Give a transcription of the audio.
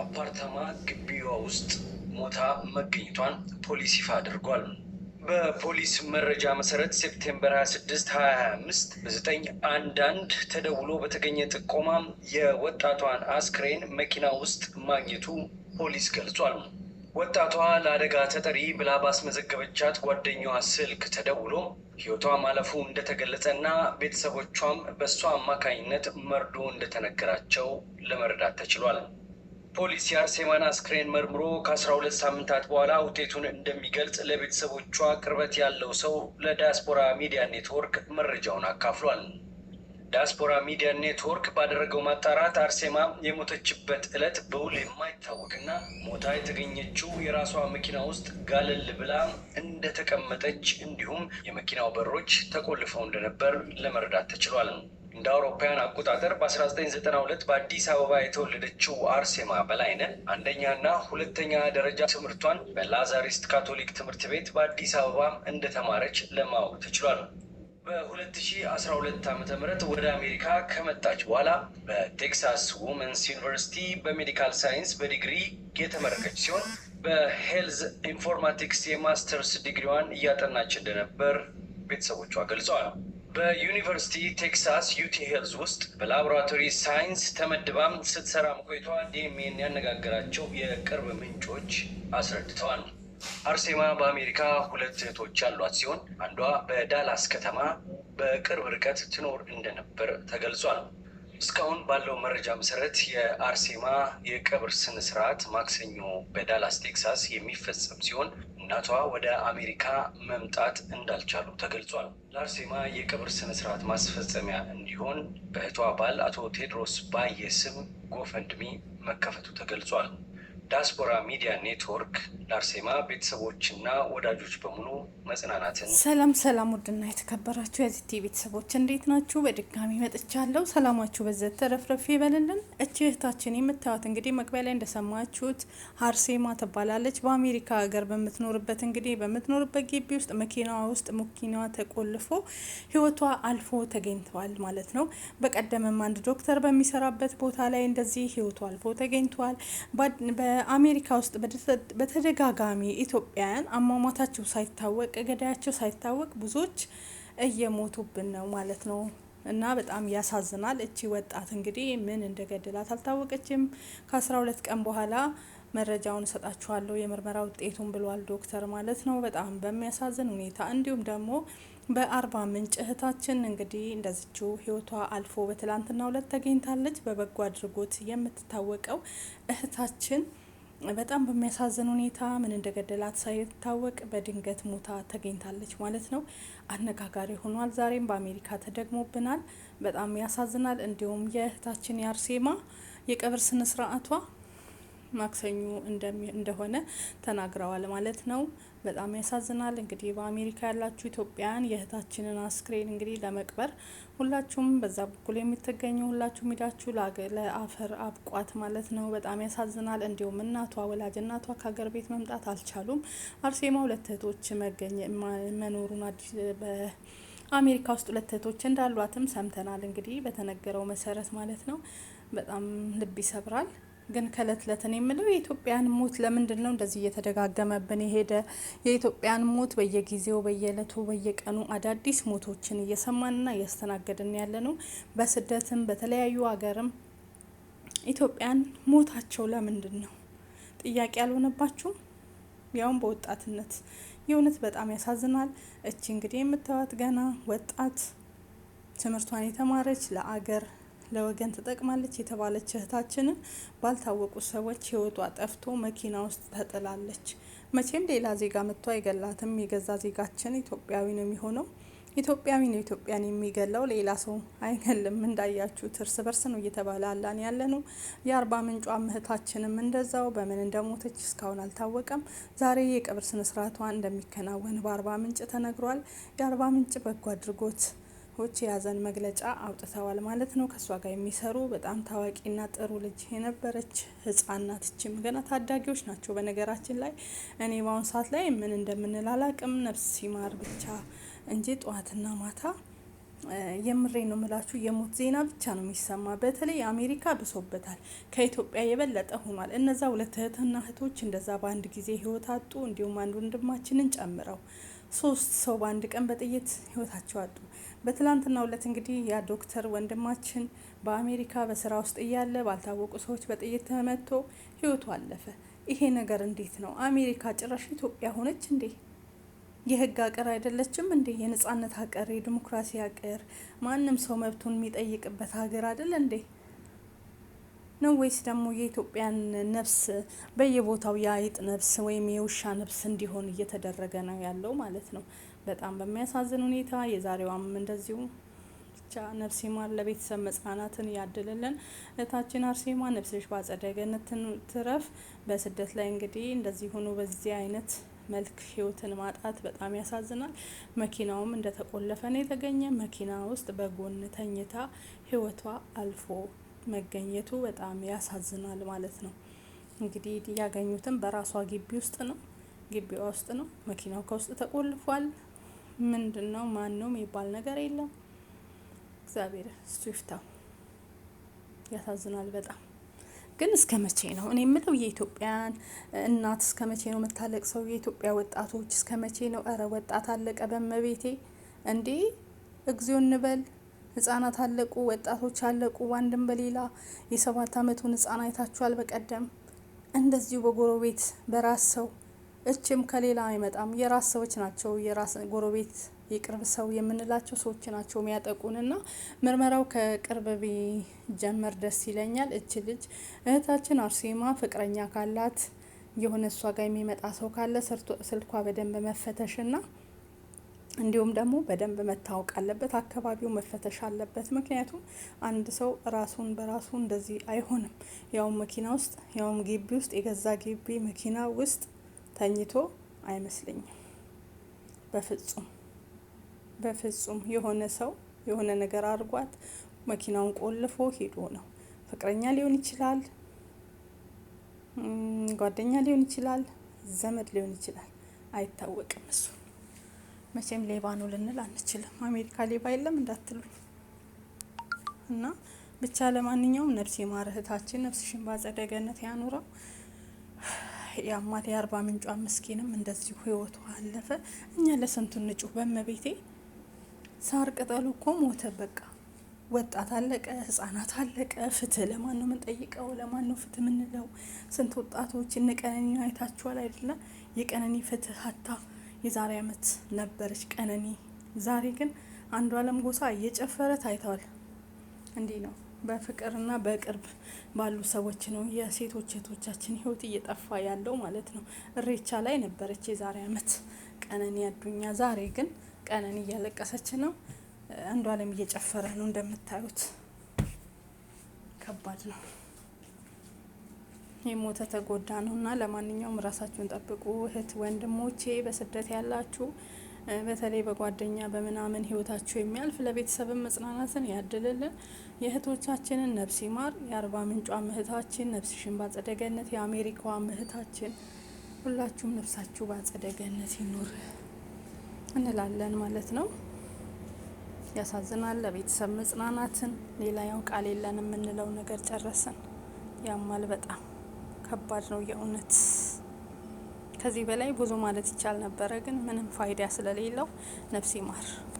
አፓርታማ ግቢዋ ውስጥ ሞታ መገኘቷን ፖሊስ ይፋ አድርጓል። በፖሊስ መረጃ መሰረት ሴፕቴምበር 26 2025 በዘጠኝ አንዳንድ ተደውሎ በተገኘ ጥቆማ የወጣቷን አስክሬን መኪና ውስጥ ማግኘቱ ፖሊስ ገልጿል። ወጣቷ ለአደጋ ተጠሪ ብላ ባስመዘገበቻት ጓደኛዋ ስልክ ተደውሎ ሕይወቷ ማለፉ እና ቤተሰቦቿም በእሷ አማካኝነት መርዶ እንደተነገራቸው ለመረዳት ተችሏል። ፖሊስ የአርሴማን አስክሬን መርምሮ ከአስራ ሁለት ሳምንታት በኋላ ውጤቱን እንደሚገልጽ ለቤተሰቦቿ ቅርበት ያለው ሰው ለዳያስፖራ ሚዲያ ኔትወርክ መረጃውን አካፍሏል። ዳያስፖራ ሚዲያ ኔትወርክ ባደረገው ማጣራት አርሴማ የሞተችበት ዕለት በውል የማይታወቅና ሞታ የተገኘችው የራሷ መኪና ውስጥ ጋለል ብላ እንደተቀመጠች እንዲሁም የመኪናው በሮች ተቆልፈው እንደነበር ለመረዳት ተችሏል። እንደ አውሮፓውያን አቆጣጠር በ1992 በአዲስ አበባ የተወለደችው አርሴማ በላይነህ አንደኛና ሁለተኛ ደረጃ ትምህርቷን በላዛሪስት ካቶሊክ ትምህርት ቤት በአዲስ አበባ እንደተማረች ለማወቅ ተችሏል። በ2012 ዓ ም ወደ አሜሪካ ከመጣች በኋላ በቴክሳስ ውመንስ ዩኒቨርሲቲ በሜዲካል ሳይንስ በዲግሪ የተመረቀች ሲሆን በሄልዝ ኢንፎርማቲክስ የማስተርስ ዲግሪዋን እያጠናች እንደነበር ቤተሰቦቿ ገልጸዋል። በዩኒቨርሲቲ ቴክሳስ ዩቲ ሄልዝ ውስጥ በላቦራቶሪ ሳይንስ ተመድባም ስትሰራ መቆይቷ ዲኤምኤን ያነጋገራቸው የቅርብ ምንጮች አስረድተዋል። አርሴማ በአሜሪካ ሁለት እህቶች ያሏት ሲሆን አንዷ በዳላስ ከተማ በቅርብ ርቀት ትኖር እንደነበር ተገልጿል። እስካሁን ባለው መረጃ መሰረት የአርሴማ የቀብር ስነስርዓት ማክሰኞ በዳላስ ቴክሳስ የሚፈጸም ሲሆን እናቷ ወደ አሜሪካ መምጣት እንዳልቻሉ ተገልጿል። ለአርሴማ የቀብር ስነስርዓት ማስፈጸሚያ እንዲሆን በእህቷ ባል አቶ ቴድሮስ ባየ ስም ጎፈንድሚ መከፈቱ ተገልጿል። ዲያስፖራ ሚዲያ ኔትወርክ ለአርሴማ ቤተሰቦችና ወዳጆች በሙሉ መጽናናትን። ሰላም ሰላም! ውድና የተከበራችሁ የዚቲ ቤተሰቦች እንዴት ናችሁ? በድጋሚ መጥቻለሁ። ሰላማችሁ በዘት ተረፍረፍ ይበልልን። እችህታችን እህታችን የምታዩት እንግዲህ መግቢያ ላይ እንደሰማችሁት አርሴማ ትባላለች። በአሜሪካ ሀገር በምትኖርበት እንግዲህ በምትኖርበት ግቢ ውስጥ መኪናዋ ውስጥ መኪናዋ ተቆልፎ ህይወቷ አልፎ ተገኝተዋል ማለት ነው። በቀደምም አንድ ዶክተር በሚሰራበት ቦታ ላይ እንደዚህ ህይወቷ አልፎ ተገኝተዋል። አሜሪካ ውስጥ በተደጋጋሚ ኢትዮጵያውያን አሟሟታቸው ሳይታወቅ ገዳያቸው ሳይታወቅ ብዙዎች እየሞቱብን ነው ማለት ነው። እና በጣም ያሳዝናል። እቺ ወጣት እንግዲህ ምን እንደገደላት አልታወቀችም። ከአስራ ሁለት ቀን በኋላ መረጃውን እሰጣችኋለሁ የምርመራ ውጤቱን ብሏል ዶክተር ማለት ነው። በጣም በሚያሳዝን ሁኔታ እንዲሁም ደግሞ በአርባ ምንጭ እህታችን እንግዲህ እንደዚችው ህይወቷ አልፎ በትላንትና ሁለት ተገኝታለች። በበጎ አድርጎት የምትታወቀው እህታችን በጣም በሚያሳዝን ሁኔታ ምን እንደገደላት ሳይታወቅ በድንገት ሞታ ተገኝታለች ማለት ነው። አነጋጋሪ ሆኗል። ዛሬም በአሜሪካ ተደግሞብናል። በጣም ያሳዝናል። እንዲሁም የእህታችን የአርሴማ የቀብር ስነ ስርዓቷ ማክሰኞ እንደሆነ ተናግረዋል ማለት ነው። በጣም ያሳዝናል። እንግዲህ በአሜሪካ ያላችሁ ኢትዮጵያን የእህታችንን አስክሬን እንግዲህ ለመቅበር ሁላችሁም በዛ በኩል የምትገኙ ሁላችሁም ሄዳችሁ ለአፈር አብቋት ማለት ነው። በጣም ያሳዝናል። እንዲሁም እናቷ ወላጅ እናቷ ከሀገር ቤት መምጣት አልቻሉም። አርሴማ ሁለት እህቶች መገኘ መኖሩን አዲስ አሜሪካ ውስጥ ሁለት እህቶች እንዳሏትም ሰምተናል። እንግዲህ በተነገረው መሰረት ማለት ነው። በጣም ልብ ይሰብራል። ግን ከእለት እለት የምለው የኢትዮጵያን ሞት ለምንድን ነው እንደዚህ እየተደጋገመብን የሄደ? የኢትዮጵያን ሞት በየጊዜው በየእለቱ በየቀኑ አዳዲስ ሞቶችን እየሰማንና እያስተናገድን ያለ ነው። በስደትም በተለያዩ ሀገርም ኢትዮጵያን ሞታቸው ለምንድን ነው ጥያቄ ያልሆነባችሁም? ያውም በወጣትነት የእውነት በጣም ያሳዝናል። እቺ እንግዲህ የምታዩት ገና ወጣት ትምህርቷን የተማረች ለአገር ለወገን ትጠቅማለች የተባለች እህታችንን ባልታወቁ ሰዎች ህይወቷ ጠፍቶ መኪና ውስጥ ተጥላለች። መቼም ሌላ ዜጋ መጥቶ አይገላትም። የገዛ ዜጋችን ኢትዮጵያዊ ነው የሚሆነው። ኢትዮጵያዊ ነው ኢትዮጵያን የሚገለው፣ ሌላ ሰው አይገልም። እንዳያችሁት እርስ በርስ ነው እየተባለ አላን ያለ ነው። የአርባ ምንጯ እህታችንም እንደዛው በምን እንደሞተች እስካሁን አልታወቀም። ዛሬ የቀብር ስነስርዓቷ እንደሚከናወን በአርባ ምንጭ ተነግሯል። የአርባ ምንጭ በጎ አድርጎት ሆች የያዘን መግለጫ አውጥተዋል ማለት ነው። ከእሷ ጋር የሚሰሩ በጣም ታዋቂና ጥሩ ልጅ የነበረች ህጻን ናት። እችም ገና ታዳጊዎች ናቸው። በነገራችን ላይ እኔ በአሁኑ ሰዓት ላይ ምን እንደምንል አላቅም። ነፍስ ሲማር ብቻ እንጂ ጠዋትና ማታ የምሬ ነው ምላችሁ የሞት ዜና ብቻ ነው የሚሰማ። በተለይ አሜሪካ ብሶበታል፣ ከኢትዮጵያ የበለጠ ሆኗል። እነዛ ሁለት እህትና እህቶች እንደዛ በአንድ ጊዜ ህይወት አጡ። እንዲሁም አንድ ወንድማችንን ጨምረው ሶስት ሰው በአንድ ቀን በጥይት ህይወታቸው አጡ። በትላንትና ሁለት እንግዲህ ያ ዶክተር ወንድማችን በአሜሪካ በስራ ውስጥ እያለ ባልታወቁ ሰዎች በጥይት ተመቶ ህይወቱ አለፈ። ይሄ ነገር እንዴት ነው? አሜሪካ ጭራሽ ኢትዮጵያ ሆነች እንዴ? የህግ አቀር አይደለችም እንዴ? የነጻነት አገር፣ የዲሞክራሲ አገር፣ ማንም ሰው መብቱን የሚጠይቅበት ሀገር አይደለ እንዴ? ነው ወይስ ደግሞ የኢትዮጵያን ነፍስ በየቦታው የአይጥ ነፍስ ወይም የውሻ ነፍስ እንዲሆን እየተደረገ ነው ያለው ማለት ነው። በጣም በሚያሳዝን ሁኔታ የዛሬዋም እንደዚሁ ብቻ ነፍሴ ማር ለቤተሰብ መጽናናትን ያድልልን። እህታችን አርሴማ ነፍስሽ በአጸደ ገነት ትረፍ። በስደት ላይ እንግዲህ እንደዚህ ሆኖ በዚህ አይነት መልክ ህይወትን ማጣት በጣም ያሳዝናል። መኪናውም እንደተቆለፈ ነው የተገኘ። መኪና ውስጥ በጎን ተኝታ ህይወቷ አልፎ መገኘቱ በጣም ያሳዝናል ማለት ነው። እንግዲህ ያገኙትም በራሷ ግቢ ውስጥ ነው ግቢዋ ውስጥ ነው። መኪናው ከውስጥ ተቆልፏል። ምንድነው ማነው የሚባል ነገር የለም። እግዚአብሔር እሱ ይፍታው። ያሳዝናል በጣም ግን እስከ መቼ ነው እኔ የምለው የኢትዮጵያን እናት እስከ መቼ ነው የምታለቅ ሰው? የኢትዮጵያ ወጣቶች እስከ መቼ ነው? እረ ወጣት አለቀ በመቤቴ እንዴ! እግዚኦ እንበል። ህጻናት አለቁ፣ ወጣቶች አለቁ። ዋንድም በሌላ የሰባት ዓመቱን ህጻን አይታችኋል። በቀደም እንደዚሁ በጎረቤት በራስ ሰው እችም ከሌላ አይመጣም። የራስ ሰዎች ናቸው። የራስ ጎረቤት የቅርብ ሰው የምንላቸው ሰዎች ናቸው የሚያጠቁን እና ምርመራው ከቅርብ ቢጀመር ደስ ይለኛል። እች ልጅ እህታችን አርሴማ ፍቅረኛ ካላት የሆነ እሷ ጋር የሚመጣ ሰው ካለ ስልኳ በደንብ መፈተሽ ና እንዲሁም ደግሞ በደንብ መታወቅ አለበት። አካባቢው መፈተሽ አለበት። ምክንያቱም አንድ ሰው ራሱን በራሱ እንደዚህ አይሆንም። ያውም መኪና ውስጥ ያውም ግቢ ውስጥ የገዛ ግቢ መኪና ውስጥ ተኝቶ አይመስለኝም። በፍጹም በፍጹም። የሆነ ሰው የሆነ ነገር አድርጓት መኪናውን ቆልፎ ሄዶ ነው። ፍቅረኛ ሊሆን ይችላል፣ ጓደኛ ሊሆን ይችላል፣ ዘመድ ሊሆን ይችላል። አይታወቅም እሱ መቼም ሌባ ነው ልንል አንችልም። አሜሪካ ሌባ የለም እንዳትሉኝ እና ብቻ ለማንኛውም ነፍስ ይማር እህታችን፣ ነፍስሽን ባጸደ ገነት ያኑረው። የአማት የአርባ ምንጯ ምስኪንም እንደዚሁ ህይወቱ አለፈ። እኛ ለስንቱ ንጩ በመቤቴ ሳር ቅጠሉ እኮ ሞተ። በቃ ወጣት አለቀ፣ ህጻናት አለቀ። ፍትህ ለማን ነው የምንጠይቀው? ለማን ነው ፍትህ የምንለው? ስንት ወጣቶች እነ ቀነኒ አይታችኋል አይደለም? የቀነኒ ፍትህ ሀታ የዛሬ አመት ነበረች ቀነኒ። ዛሬ ግን አንዱ አለም ጎሳ እየጨፈረ ታይተዋል። እንዲህ ነው በፍቅርና በቅርብ ባሉ ሰዎች ነው የሴቶች እህቶቻችን ህይወት እየጠፋ ያለው ማለት ነው። እሬቻ ላይ ነበረች የዛሬ አመት ቀነኒ አዱኛ። ዛሬ ግን ቀነኒ እያለቀሰች ነው፣ አለም እየጨፈረ ነው። እንደምታዩት ከባድ ነው። የሞተ ተጎዳ ነው እና ለማንኛውም ራሳችሁን ጠብቁ እህት ወንድሞቼ፣ በስደት ያላችሁ በተለይ በጓደኛ በምናምን ህይወታችሁ የሚያልፍ ለቤተሰብን መጽናናትን ያድልልን። የእህቶቻችንን ነፍስ ይማር። የአርባ ምንጯ እህታችን ነፍስሽን ባጸደ ገነት፣ የአሜሪካዋ እህታችን ሁላችሁም ነፍሳችሁ ባጸደገነት ይኑር እንላለን ማለት ነው። ያሳዝናል። ለቤተሰብ መጽናናትን ሌላ ያው ቃል የለን የምንለው ነገር ጨረስን። ያማል በጣም ከባድ ነው የእውነት። ከዚህ በላይ ብዙ ማለት ይቻል ነበረ፣ ግን ምንም ፋይዳ ስለሌለው ነፍስ ይማር።